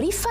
tarifa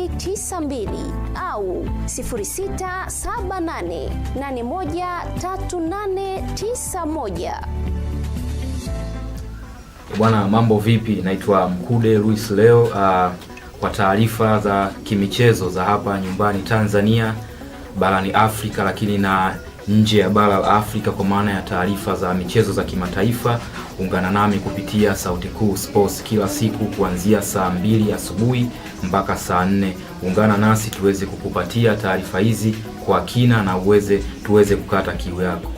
92 au 0678813891. Bwana, mambo vipi? Naitwa Mkude Luis leo uh, kwa taarifa za kimichezo za hapa nyumbani Tanzania, barani Afrika, lakini na nje ya bara la Afrika kwa maana ya taarifa za michezo za kimataifa. Ungana nami kupitia Sauti Kuu Sports kila siku kuanzia saa mbili asubuhi mpaka saa nne ungana nasi tuweze kukupatia taarifa hizi kwa kina na uweze tuweze kukata kiu yako.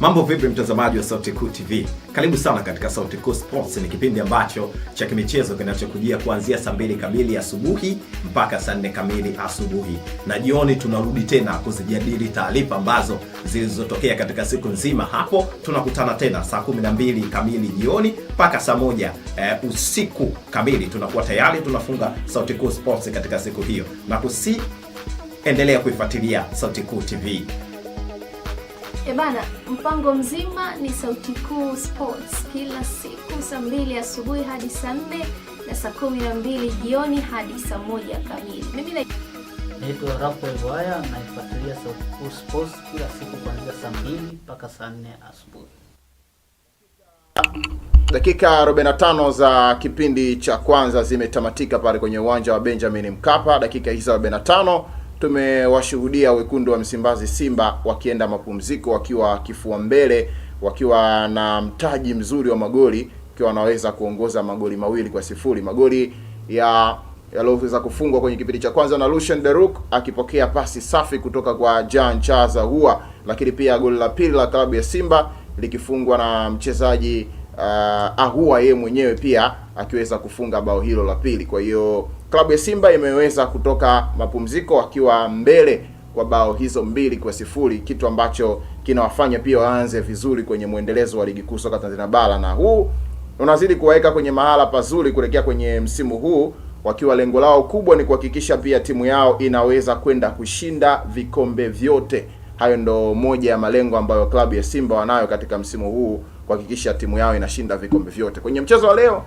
Mambo vipi, mtazamaji wa Sauti Kuu TV? Karibu sana katika Sauti Kuu Sports. Ni kipindi ambacho cha kimichezo kinachokujia kuanzia saa mbili kamili asubuhi mpaka saa nne kamili asubuhi, na jioni tunarudi tena kuzijadili taarifa ambazo zilizotokea katika siku nzima. Hapo tunakutana tena saa kumi na mbili kamili jioni mpaka saa moja e, usiku kamili, tunakuwa tayari tunafunga Sauti Kuu Sports katika siku hiyo, na kusi endelea kuifuatilia Sauti Kuu TV. Ebana, eh, mpango mzima ni Sauti Kuu Sports kila siku saa mbili asubuhi hadi saa nne na saa kumi na mbili jioni hadi saa moja kamili. Mimi naitwa Rafael Bwaya, naifuatilia Sauti Kuu Sports kila siku kuanzia saa mbili mpaka saa nne asubuhi. Dakika 45 za kipindi cha kwanza zimetamatika pale kwenye uwanja wa Benjamin Mkapa. Dakika hizo 45 tumewashuhudia wekundu wa Msimbazi Simba wakienda mapumziko wakiwa kifua mbele, wakiwa na mtaji mzuri wa magoli, wakiwa wanaweza kuongoza magoli mawili kwa sifuri. Magoli ya yaliyoweza kufungwa kwenye kipindi cha kwanza na Lucien Deruk akipokea pasi safi kutoka kwa Jean Chaza Hua, lakini pia goli la pili la klabu ya Simba likifungwa na mchezaji uh, Ahua yeye mwenyewe pia akiweza kufunga bao hilo la pili. Kwa hiyo klabu ya Simba imeweza kutoka mapumziko wakiwa mbele kwa bao hizo mbili kwa sifuri, kitu ambacho kinawafanya pia waanze vizuri kwenye mwendelezo wa ligi kuu soka Tanzania bara, na huu unazidi kuwaweka kwenye mahala pazuri kuelekea kwenye msimu huu, wakiwa lengo lao kubwa ni kuhakikisha pia timu yao inaweza kwenda kushinda vikombe vyote. Hayo ndo moja ya malengo ambayo klabu ya Simba wanayo katika msimu huu, kuhakikisha timu yao inashinda vikombe vyote. Kwenye mchezo wa leo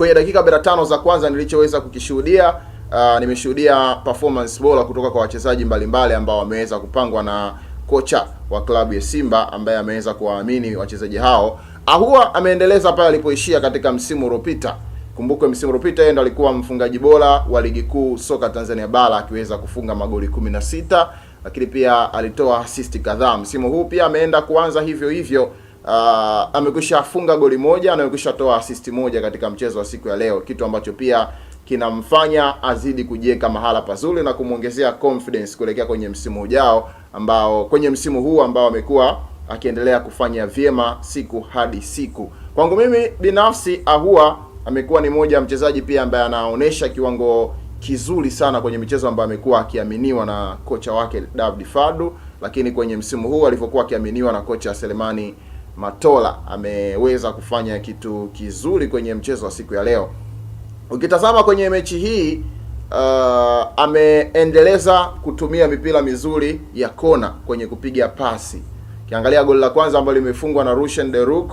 kwenye dakika 45 za kwanza nilichoweza kukishuhudia, uh, nimeshuhudia performance bora kutoka kwa wachezaji mbalimbali ambao wameweza kupangwa na kocha wa klabu ya Simba ambaye ameweza kuwaamini wachezaji hao. Ahua ameendeleza pale alipoishia katika msimu uliopita. Kumbukwe msimu uliopita yeye ndo alikuwa mfungaji bora wa ligi kuu soka Tanzania bara akiweza kufunga magoli 16, lakini pia alitoa assist kadhaa. Msimu huu pia ameenda kuanza hivyo hivyo uh, amekwisha funga goli moja na amekwisha toa assist moja katika mchezo wa siku ya leo, kitu ambacho pia kinamfanya azidi kujiweka mahala pazuri na kumwongezea confidence kuelekea kwenye msimu ujao ambao kwenye msimu huu ambao amekuwa akiendelea kufanya vyema siku hadi siku. Kwangu mimi binafsi, Ahua amekuwa ni moja ya mchezaji pia ambaye anaonesha kiwango kizuri sana kwenye michezo ambayo amekuwa akiaminiwa na kocha wake David Fadu, lakini kwenye msimu huu alivyokuwa akiaminiwa na kocha Selemani Matola ameweza kufanya kitu kizuri kwenye mchezo wa siku ya leo. Ukitazama kwenye mechi hii uh, ameendeleza kutumia mipira mizuri ya kona kwenye kupiga pasi. Ukiangalia goli la kwanza ambalo limefungwa na Rushen Deruk,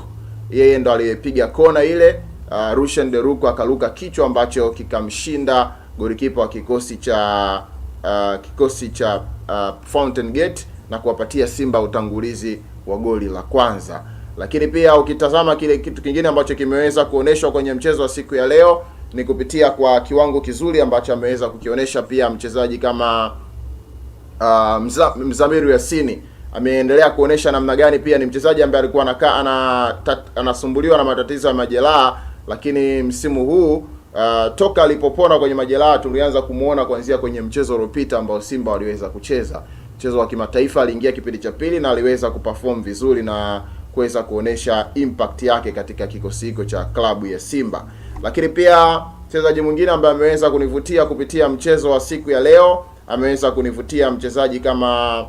yeye ndo aliyepiga kona ile. Uh, Rushen Deruk akaruka kichwa ambacho kikamshinda golikipa wa kikosi cha uh, kikosi cha uh, Fountain Gate na kuwapatia Simba utangulizi wa goli la kwanza. Lakini pia ukitazama kile kitu kingine ambacho kimeweza kuonyeshwa kwenye mchezo wa siku ya leo ni kupitia kwa kiwango kizuri ambacho ameweza kukionyesha pia mchezaji kama uh, mza, Mzamiru Yasini ameendelea kuonyesha namna gani pia ni mchezaji ambaye alikuwa anakaa ana, anasumbuliwa na matatizo ya majeraha, lakini msimu huu uh, toka alipopona kwenye majeraha tulianza kumuona kuanzia kwenye mchezo uliopita ambao Simba waliweza kucheza mchezo wa kimataifa, aliingia kipindi cha pili na aliweza kuperform vizuri na kuweza kuonesha impact yake katika kikosi hicho cha klabu ya Simba. Lakini pia mchezaji mwingine ambaye ameweza kunivutia kupitia mchezo wa siku ya leo, ameweza kunivutia mchezaji kama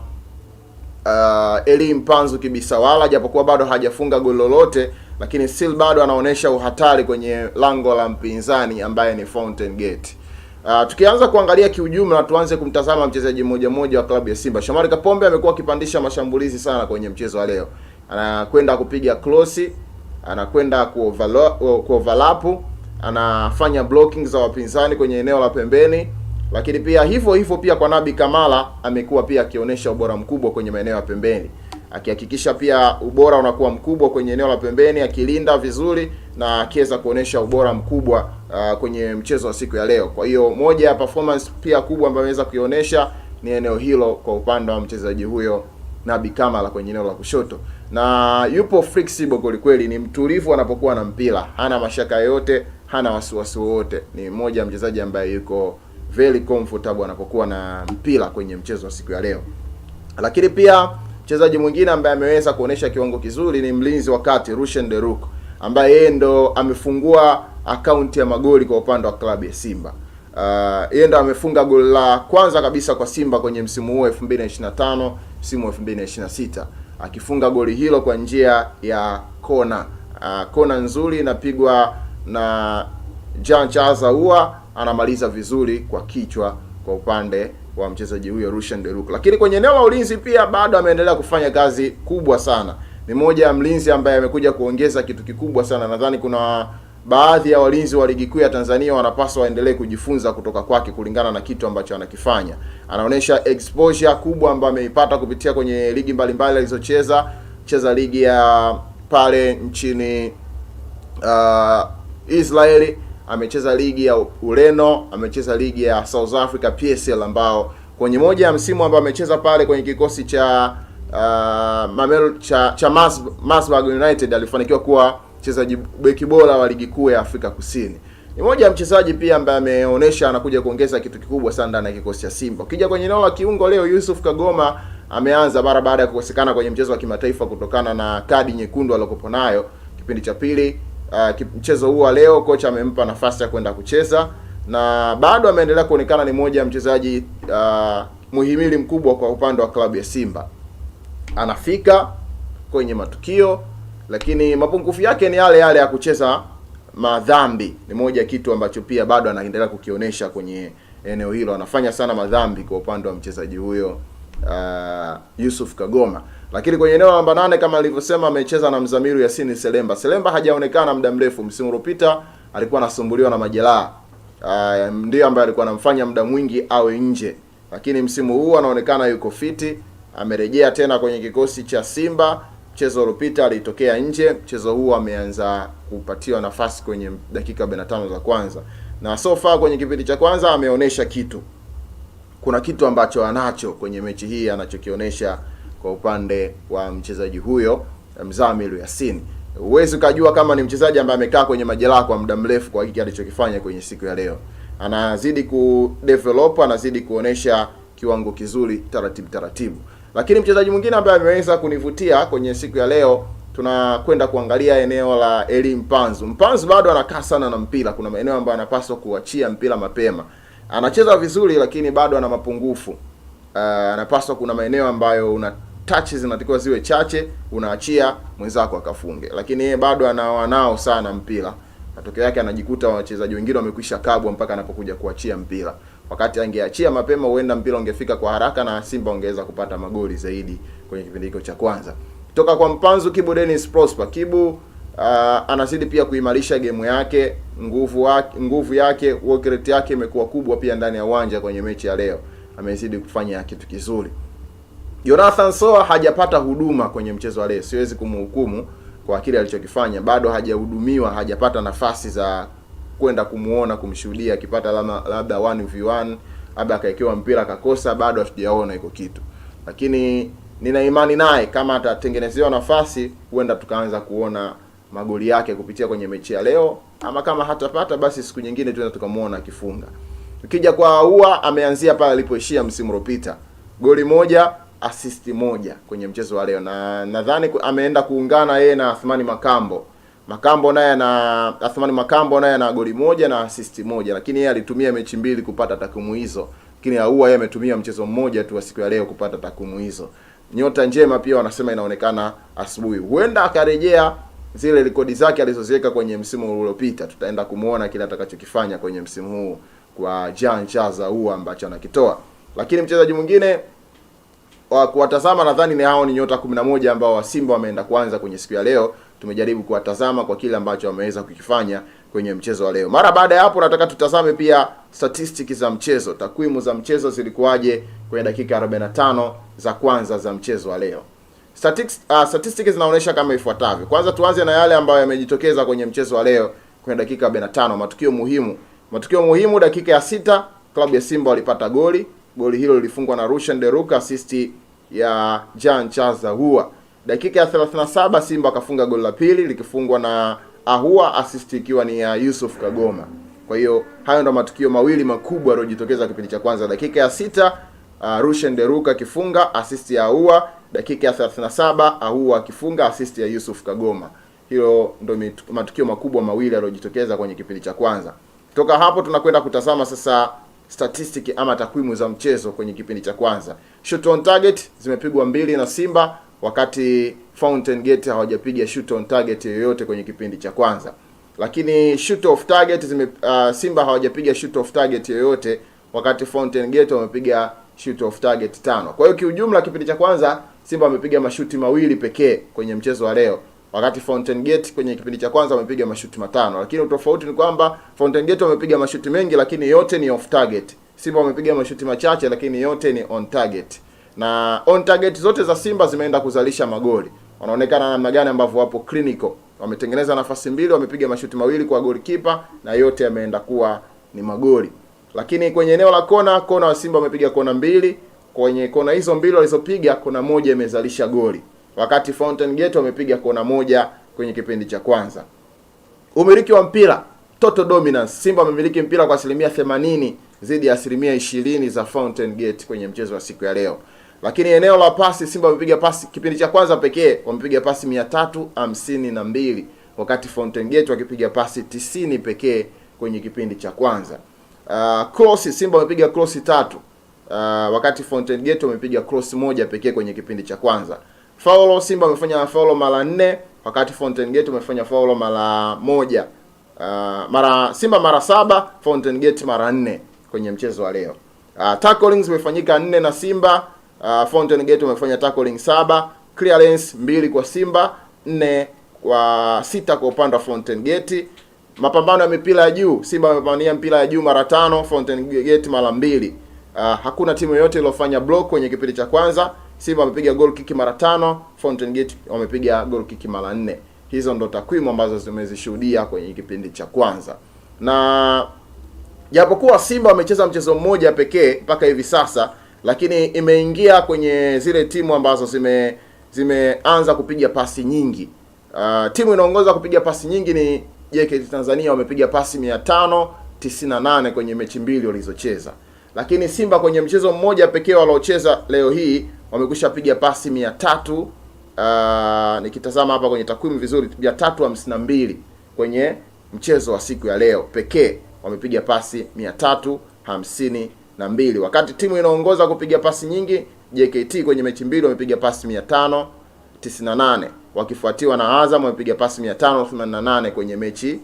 uh, Eli Mpanzu Kibisawala, japokuwa bado hajafunga goli lolote, lakini still bado anaonesha uhatari kwenye lango la mpinzani ambaye ni Fountain Gate. Uh, tukianza kuangalia kiujumla, tuanze kumtazama mchezaji mmoja mmoja wa klabu ya Simba. Shomari Kapombe amekuwa akipandisha mashambulizi sana kwenye mchezo wa leo anakwenda kupiga close, anakwenda overlap, anafanya blocking za wapinzani kwenye eneo la pembeni, lakini pia hivyo hivyo pia kwa Nabi Kamala amekuwa pia akionyesha ubora mkubwa kwenye maeneo ya pembeni, akihakikisha pia ubora unakuwa mkubwa kwenye eneo la pembeni, akilinda vizuri na akiweza kuonesha ubora mkubwa uh, kwenye mchezo wa siku ya leo. Kwa hiyo moja ya performance pia kubwa ambayo ameweza kuionesha ni eneo hilo kwa upande wa mchezaji huyo na Bikamala kwenye eneo la kushoto, na yupo flexible kweli kweli, ni mtulivu anapokuwa na mpira, hana mashaka yoyote, hana wasiwasi wowote. Ni mmoja mchezaji ambaye yuko very comfortable anapokuwa na mpira kwenye mchezo wa siku ya leo. Lakini pia mchezaji mwingine ambaye ameweza kuonesha kiwango kizuri ni mlinzi wa kati Rushen Deruk ambaye yeye ndo amefungua akaunti ya magoli kwa upande wa klabu ya Simba. Uh, yeye uh, ndo amefunga goli la kwanza kabisa kwa Simba kwenye msimu huu 2025 msimu 2026 akifunga goli hilo kwa njia ya kona uh, kona nzuri inapigwa na Jean Chaza Ahoua anamaliza vizuri kwa kichwa kwa upande wa mchezaji huyo Rushan Deruk. Lakini kwenye eneo la ulinzi pia bado ameendelea kufanya kazi kubwa sana. Ni moja ya mlinzi ambaye amekuja kuongeza kitu kikubwa sana. Nadhani kuna baadhi ya walinzi wa ligi kuu ya Tanzania wanapaswa waendelee kujifunza kutoka kwake kulingana na kitu ambacho anakifanya. Anaonyesha exposure kubwa ambayo ameipata kupitia kwenye ligi mbalimbali alizocheza, cheza ligi ya pale nchini uh, Israeli, amecheza ligi ya Ureno, amecheza ligi ya South Africa PSL, ambao kwenye moja ya msimu ambao amecheza pale kwenye kikosi cha uh, Mamelodi cha, cha Mas, Masburg United alifanikiwa kuwa mchezaji beki bora wa ligi kuu ya Afrika Kusini. Ni moja ya mchezaji pia ambaye ameonyesha anakuja kuongeza kitu kikubwa sana ndani ya kikosi cha Simba. Ukija kwenye eneo la kiungo leo, Yusuf Kagoma ameanza mara baada ya kukosekana kwenye mchezo wa kimataifa kutokana na kadi nyekundu aliyokuwa nayo kipindi cha pili. Uh, mchezo huu wa leo kocha amempa nafasi ya kwenda kucheza na bado ameendelea kuonekana ni moja ya mchezaji uh, muhimili mkubwa kwa upande wa klabu ya Simba. Anafika kwenye matukio lakini mapungufu yake ni yale yale ya kucheza madhambi. Ni moja kitu ambacho pia bado anaendelea kukionyesha kwenye eneo hilo, anafanya sana madhambi kwa upande wa mchezaji huyo uh, Yusuf Kagoma. Lakini kwenye eneo namba nane kama alivyosema, amecheza na Mzamiru Yasini Selemba. Selemba hajaonekana muda mrefu, msimu uliopita alikuwa anasumbuliwa na majeraha uh, ndio ambaye alikuwa anamfanya muda mwingi awe nje, lakini msimu huu anaonekana yuko fiti, amerejea tena kwenye kikosi cha Simba Mchezo uliopita alitokea nje, mchezo huu ameanza kupatiwa nafasi kwenye dakika 45 za kwanza, na so far kwenye kipindi cha kwanza ameonyesha kitu, kuna kitu ambacho anacho kwenye mechi hii anachokionyesha kwa upande wa mchezaji huyo Mzamiru Yasin. Huwezi ukajua kama ni mchezaji ambaye amekaa kwenye majeraha kwa muda mrefu kwa hiki alichokifanya kwenye siku ya leo. Anazidi kudevelop, anazidi kuonesha kiwango kizuri taratibu taratibu. Lakini mchezaji mwingine ambaye ameweza kunivutia kwenye siku ya leo, tunakwenda kuangalia eneo la Eli Mpanzu. Mpanzu bado anakaa sana na mpira, kuna maeneo ambayo anapaswa kuachia mpira mapema. Anacheza vizuri, lakini bado ana mapungufu. Uh, anapaswa, kuna maeneo ambayo una touch zinatakiwa ziwe chache, unaachia mwenzako akafunge, lakini yeye bado anawanao sana mpira. Matokeo yake anajikuta wachezaji wengine wamekwisha kabwa mpaka anapokuja kuachia mpira. Wakati angeachia mapema, huenda mpira ungefika kwa haraka na Simba ungeweza kupata magoli zaidi kwenye kipindi hicho cha kwanza. Kutoka kwa Mpanzu Kibu Dennis Prosper. Kibu uh, anazidi pia kuimarisha gemu yake, nguvu wake, nguvu yake, work rate yake imekuwa kubwa pia ndani ya uwanja kwenye mechi ya leo. Amezidi kufanya kitu kizuri. Jonathan Soa hajapata huduma kwenye mchezo wa leo. Siwezi kumhukumu kwa kile alichokifanya, bado hajahudumiwa, hajapata nafasi za kwenda kumuona kumshuhudia akipata labda one v one, labda akaekewa mpira akakosa, bado hatujaona iko kitu, lakini nina imani naye kama atatengenezewa nafasi, huenda tukaanza kuona magoli yake kupitia kwenye mechi ya leo, ama kama hatapata basi siku nyingine tunaweza tukamuona akifunga. Ukija kwa Ahoua ameanzia pale alipoishia msimu uliopita, goli moja assist moja kwenye mchezo wa leo, na nadhani ameenda kuungana yeye na Athmani Makambo. Makambo naye ana Athmani Makambo naye ana goli moja na assist moja, lakini yeye alitumia mechi mbili kupata takwimu hizo, lakini Ahoua yeye ametumia mchezo mmoja tu wa siku ya leo kupata takwimu hizo. Nyota njema pia wanasema inaonekana asubuhi, huenda akarejea zile rekodi zake alizoziweka kwenye msimu uliopita. Tutaenda kumuona kile atakachokifanya kwenye msimu huu kwa Jean Charles Ahoua ambacho anakitoa. Lakini mchezaji mwingine wa kuwatazama nadhani ni hao ni nyota 11 ambao wa Simba wameenda kuanza kwenye siku ya leo tumejaribu kuwatazama kwa kile ambacho wameweza kukifanya kwenye mchezo wa leo. Mara baada ya hapo, nataka tutazame pia statistics za mchezo, takwimu za mchezo zilikuwaje kwenye dakika 45 za kwanza za mchezo wa leo. Uh, statistics, uh, zinaonyesha kama ifuatavyo. Kwanza tuanze na yale ambayo yamejitokeza kwenye mchezo wa leo kwenye dakika 45, matukio muhimu. Matukio muhimu, dakika ya sita klabu ya Simba walipata goli. Goli hilo lilifungwa na Rushan Deruka, assist ya Jean Charles Ahoua. Dakika ya 37 Simba wakafunga goli la pili likifungwa na Ahua, assist ikiwa ni ya Yusuf Kagoma. Kwa hiyo hayo ndo matukio mawili makubwa yaliyojitokeza kipindi cha kwanza. Dakika ya sita uh, Rushen Deruka akifunga assist ya Ahua, dakika ya 37 Ahua akifunga assist ya Yusuf Kagoma. Hilo ndo matukio makubwa mawili yaliyojitokeza kwenye kipindi cha kwanza. Toka hapo tunakwenda kutazama sasa statistiki ama takwimu za mchezo kwenye kipindi cha kwanza. Shot on target zimepigwa mbili na Simba wakati Fountain Gate hawajapiga shoot on target yoyote kwenye kipindi cha kwanza, lakini shoot off target zime, uh, Simba hawajapiga shoot off target yoyote wakati Fountain Gate wamepiga shoot off target tano. Kwa hiyo kiujumla, kipindi cha kwanza Simba wamepiga mashuti mawili pekee kwenye mchezo wa leo, wakati Fountain Gate kwenye kipindi cha kwanza wamepiga mashuti matano, lakini utofauti ni kwamba Fountain Gate wamepiga mashuti mengi, lakini yote ni off target. Simba wamepiga mashuti machache, lakini yote ni on target na on target zote za Simba zimeenda kuzalisha magoli. Wanaonekana namna gani ambavyo wapo clinical, wametengeneza nafasi mbili, wamepiga mashuti mawili kwa goalkeeper na yote yameenda kuwa ni magoli. Lakini kwenye eneo la kona, kona wa Simba wamepiga kona mbili, kwenye kona hizo mbili walizopiga kona moja imezalisha goli, wakati Fountain Gate wamepiga kona moja kwenye kipindi cha kwanza. Umiliki wa mpira total dominance, Simba wamemiliki mpira kwa asilimia 80 dhidi ya asilimia 20 za Fountain Gate kwenye mchezo wa siku ya leo. Lakini eneo la pasi Simba wamepiga pasi kipindi cha kwanza pekee wamepiga pasi mia tatu hamsini na mbili wakati Fountain Gate wakipiga pasi tisini pekee kwenye kipindi cha kwanza. Uh, cross Simba wamepiga cross tatu uh, wakati Fountain Gate wamepiga cross moja pekee kwenye kipindi cha kwanza. Faulo Simba wamefanya faulo mara nne wakati Fountain Gate wamefanya faulo mara moja. Uh, mara Simba mara saba Fountain Gate mara nne kwenye mchezo wa leo. Uh, tacklings zimefanyika nne na Simba Uh, Fountain Gate wamefanya tackling saba, clearance mbili kwa Simba, nne kwa sita kwa upande wa Fountain Gate. Mapambano ya mipira ya juu, Simba wamepambania mpira ya juu mara tano, Fountain Gate mara mbili. Uh, hakuna timu yoyote iliyofanya block kwenye kipindi cha kwanza. Simba wamepiga goal kick mara tano, Fountain Gate wamepiga goal kick mara nne. Hizo ndo takwimu ambazo tumezishuhudia kwenye kipindi cha kwanza, na japokuwa Simba wamecheza mchezo mmoja pekee mpaka hivi sasa lakini imeingia kwenye zile timu ambazo zime zimeanza kupiga pasi nyingi. Uh, timu inaongoza kupiga pasi nyingi ni JKT Tanzania, wamepiga pasi 598 kwenye mechi mbili walizocheza, lakini Simba kwenye mchezo mmoja pekee waliocheza leo hii wamekwisha piga pasi 300 Uh, ah, nikitazama hapa kwenye takwimu vizuri, mia tatu hamsini na mbili kwenye mchezo wa siku ya leo pekee wamepiga pasi mia tatu hamsini na mbili wakati timu inaongoza kupiga pasi nyingi. JKT kwenye mechi mbili wamepiga pasi 598 wakifuatiwa na Azam wamepiga pasi 588 kwenye mechi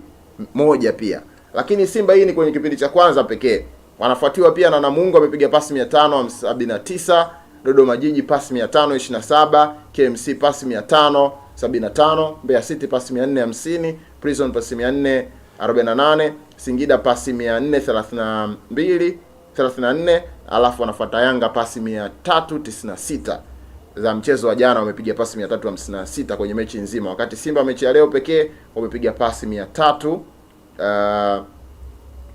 moja pia, lakini Simba hii ni kwenye kipindi cha kwanza pekee. Wanafuatiwa pia na Namungo wamepiga pasi 579, Dodoma Jiji pasi 527, KMC pasi 575, Mbeya City pasi 450, Prison pasi 448, Singida pasi 432 34, alafu wanafuata Yanga pasi 396 za mchezo wa jana wamepiga pasi 356 kwenye mechi nzima, wakati Simba mechi ya leo pekee wamepiga pasi 300 uh,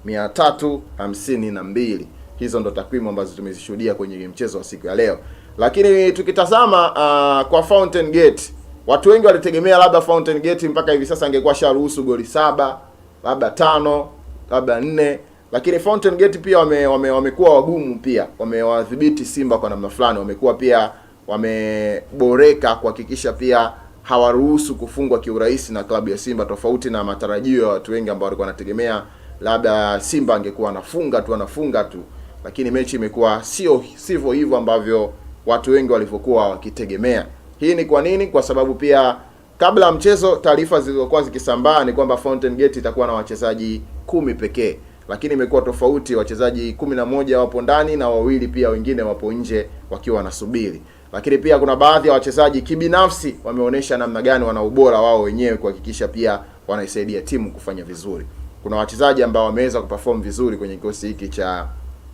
352. Hizo ndo takwimu ambazo tumezishuhudia kwenye mchezo wa siku ya leo. Lakini tukitazama uh, kwa Fountain Gate, watu wengi walitegemea labda Fountain Gate mpaka hivi sasa angekuwa sharuhusu goli saba labda tano labda nne lakini Fountain Gate pia wame, wame, wamekuwa wagumu pia, wamewadhibiti Simba kwa namna fulani, wamekuwa pia wameboreka kuhakikisha pia hawaruhusu kufungwa kiurahisi na klabu ya Simba, tofauti na matarajio ya watu wengi ambao walikuwa wanategemea labda Simba angekuwa anafunga tu anafunga tu, lakini mechi imekuwa sio sivyo hivyo ambavyo watu wengi walivyokuwa wakitegemea. Hii ni kwa nini? Kwa sababu pia kabla ya mchezo taarifa zilizokuwa zikisambaa ni kwamba Fountain Gate itakuwa na wachezaji kumi pekee lakini imekuwa tofauti. Wachezaji kumi na moja wapo ndani na wawili pia wengine wapo nje wakiwa wanasubiri. Lakini pia kuna baadhi ya wachezaji kibinafsi wameonyesha namna gani wana ubora wao wenyewe kuhakikisha pia wanaisaidia timu kufanya vizuri. Kuna wachezaji ambao wameweza kuperform vizuri kwenye kikosi hiki cha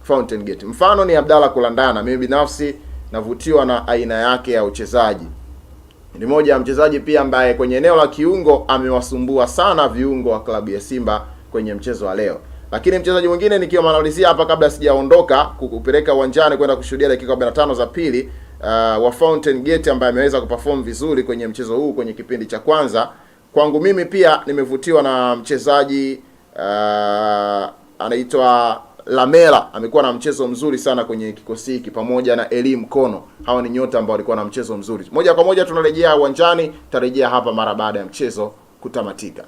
Fountain Gate. Mfano ni Abdalla Kulandana. Mimi binafsi navutiwa na aina yake ya uchezaji. Ni moja ya mchezaji pia ambaye kwenye eneo la kiungo amewasumbua sana viungo wa klabu ya Simba kwenye mchezo wa leo. Lakini mchezaji mwingine nikiwa malizia hapa, kabla sijaondoka kukupeleka uwanjani kwenda kushuhudia dakika 45 za pili, uh, wa Fountain Gate ambaye ameweza kuperform vizuri kwenye mchezo huu kwenye kipindi cha kwanza, kwangu mimi pia nimevutiwa na mchezaji uh, anaitwa Lamela amekuwa na mchezo mzuri sana kwenye kikosi hiki pamoja na Elim Kono. Hawa ni nyota ambao walikuwa na mchezo mzuri. Moja kwa moja tunarejea uwanjani, tarejea hapa mara baada ya mchezo kutamatika.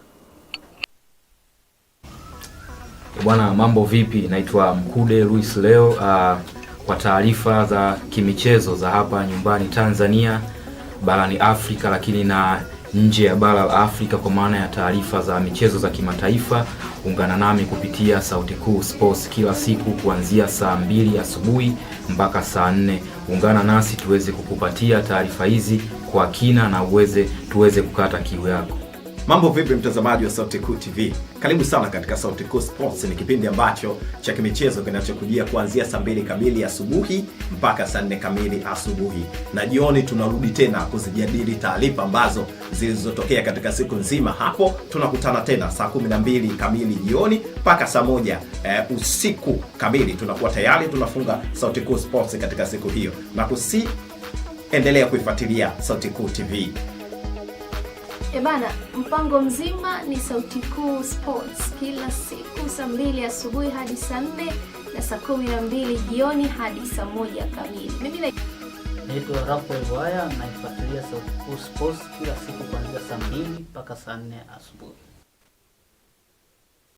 Bwana, mambo vipi? Naitwa Mkude Luis leo uh, kwa taarifa za kimichezo za hapa nyumbani Tanzania, barani Afrika, lakini na nje ya bara la Afrika, kwa maana ya taarifa za michezo za kimataifa. Ungana nami kupitia Sauti Kuu Sports kila siku kuanzia saa mbili asubuhi mpaka saa nne. Ungana nasi tuweze kukupatia taarifa hizi kwa kina na uweze tuweze kukata kiu yako. Mambo vipi, mtazamaji wa Sauti Kuu TV? Karibu sana katika Sauti Kuu Sports. Ni kipindi ambacho cha kimichezo kinachokujia kuanzia saa mbili kamili asubuhi mpaka saa nne kamili asubuhi, na jioni tunarudi tena kuzijadili taarifa ambazo zilizotokea katika siku nzima. Hapo tunakutana tena saa 12 kamili jioni mpaka saa moja e, usiku kamili, tunakuwa tayari tunafunga Sauti Kuu Sports katika siku hiyo, na kusi endelea kuifuatilia Sauti Kuu TV. Ebana, eh, mpango mzima ni Sauti Kuu Sports kila siku saa mbili asubuhi hadi saa nne na saa kumi na mbili jioni hadi saa moja kamili. Mimi naitwa Rafael Waya, naifuatilia Sauti Kuu Sports kila siku kuanzia saa mbili mpaka saa nne asubuhi.